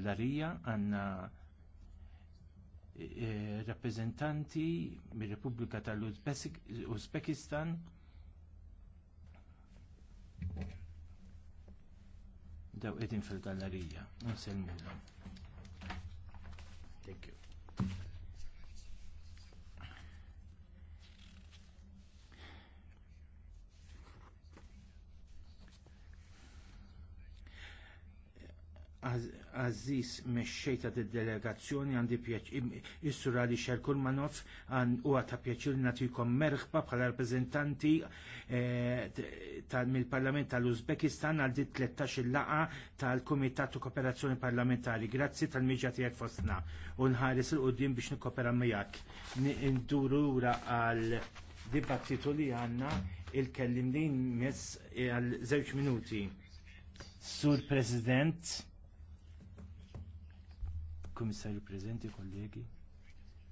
l-arija għandna eh, rappreżentanti mir repubblika tal-Uzbekistan daw qegħdin fil-gallerija. Thank you. Aziz meċċejta d-delegazzjoni għandi jissura li xerkur manof għan u għata pjaċir natikom merħba bħala reprezentanti eh, mill-Parlament tal-Uzbekistan għal dit 13 laqa tal-Komitatu Kooperazzjoni Parlamentari. Grazzi tal-miġa tijak fostna u nħares il-qoddim biex nikopera miegħek. Ndurura għal dibattitu li għanna il-kellim din eh, għal zewġ minuti. Sur President, kummissarju preżenti kollegi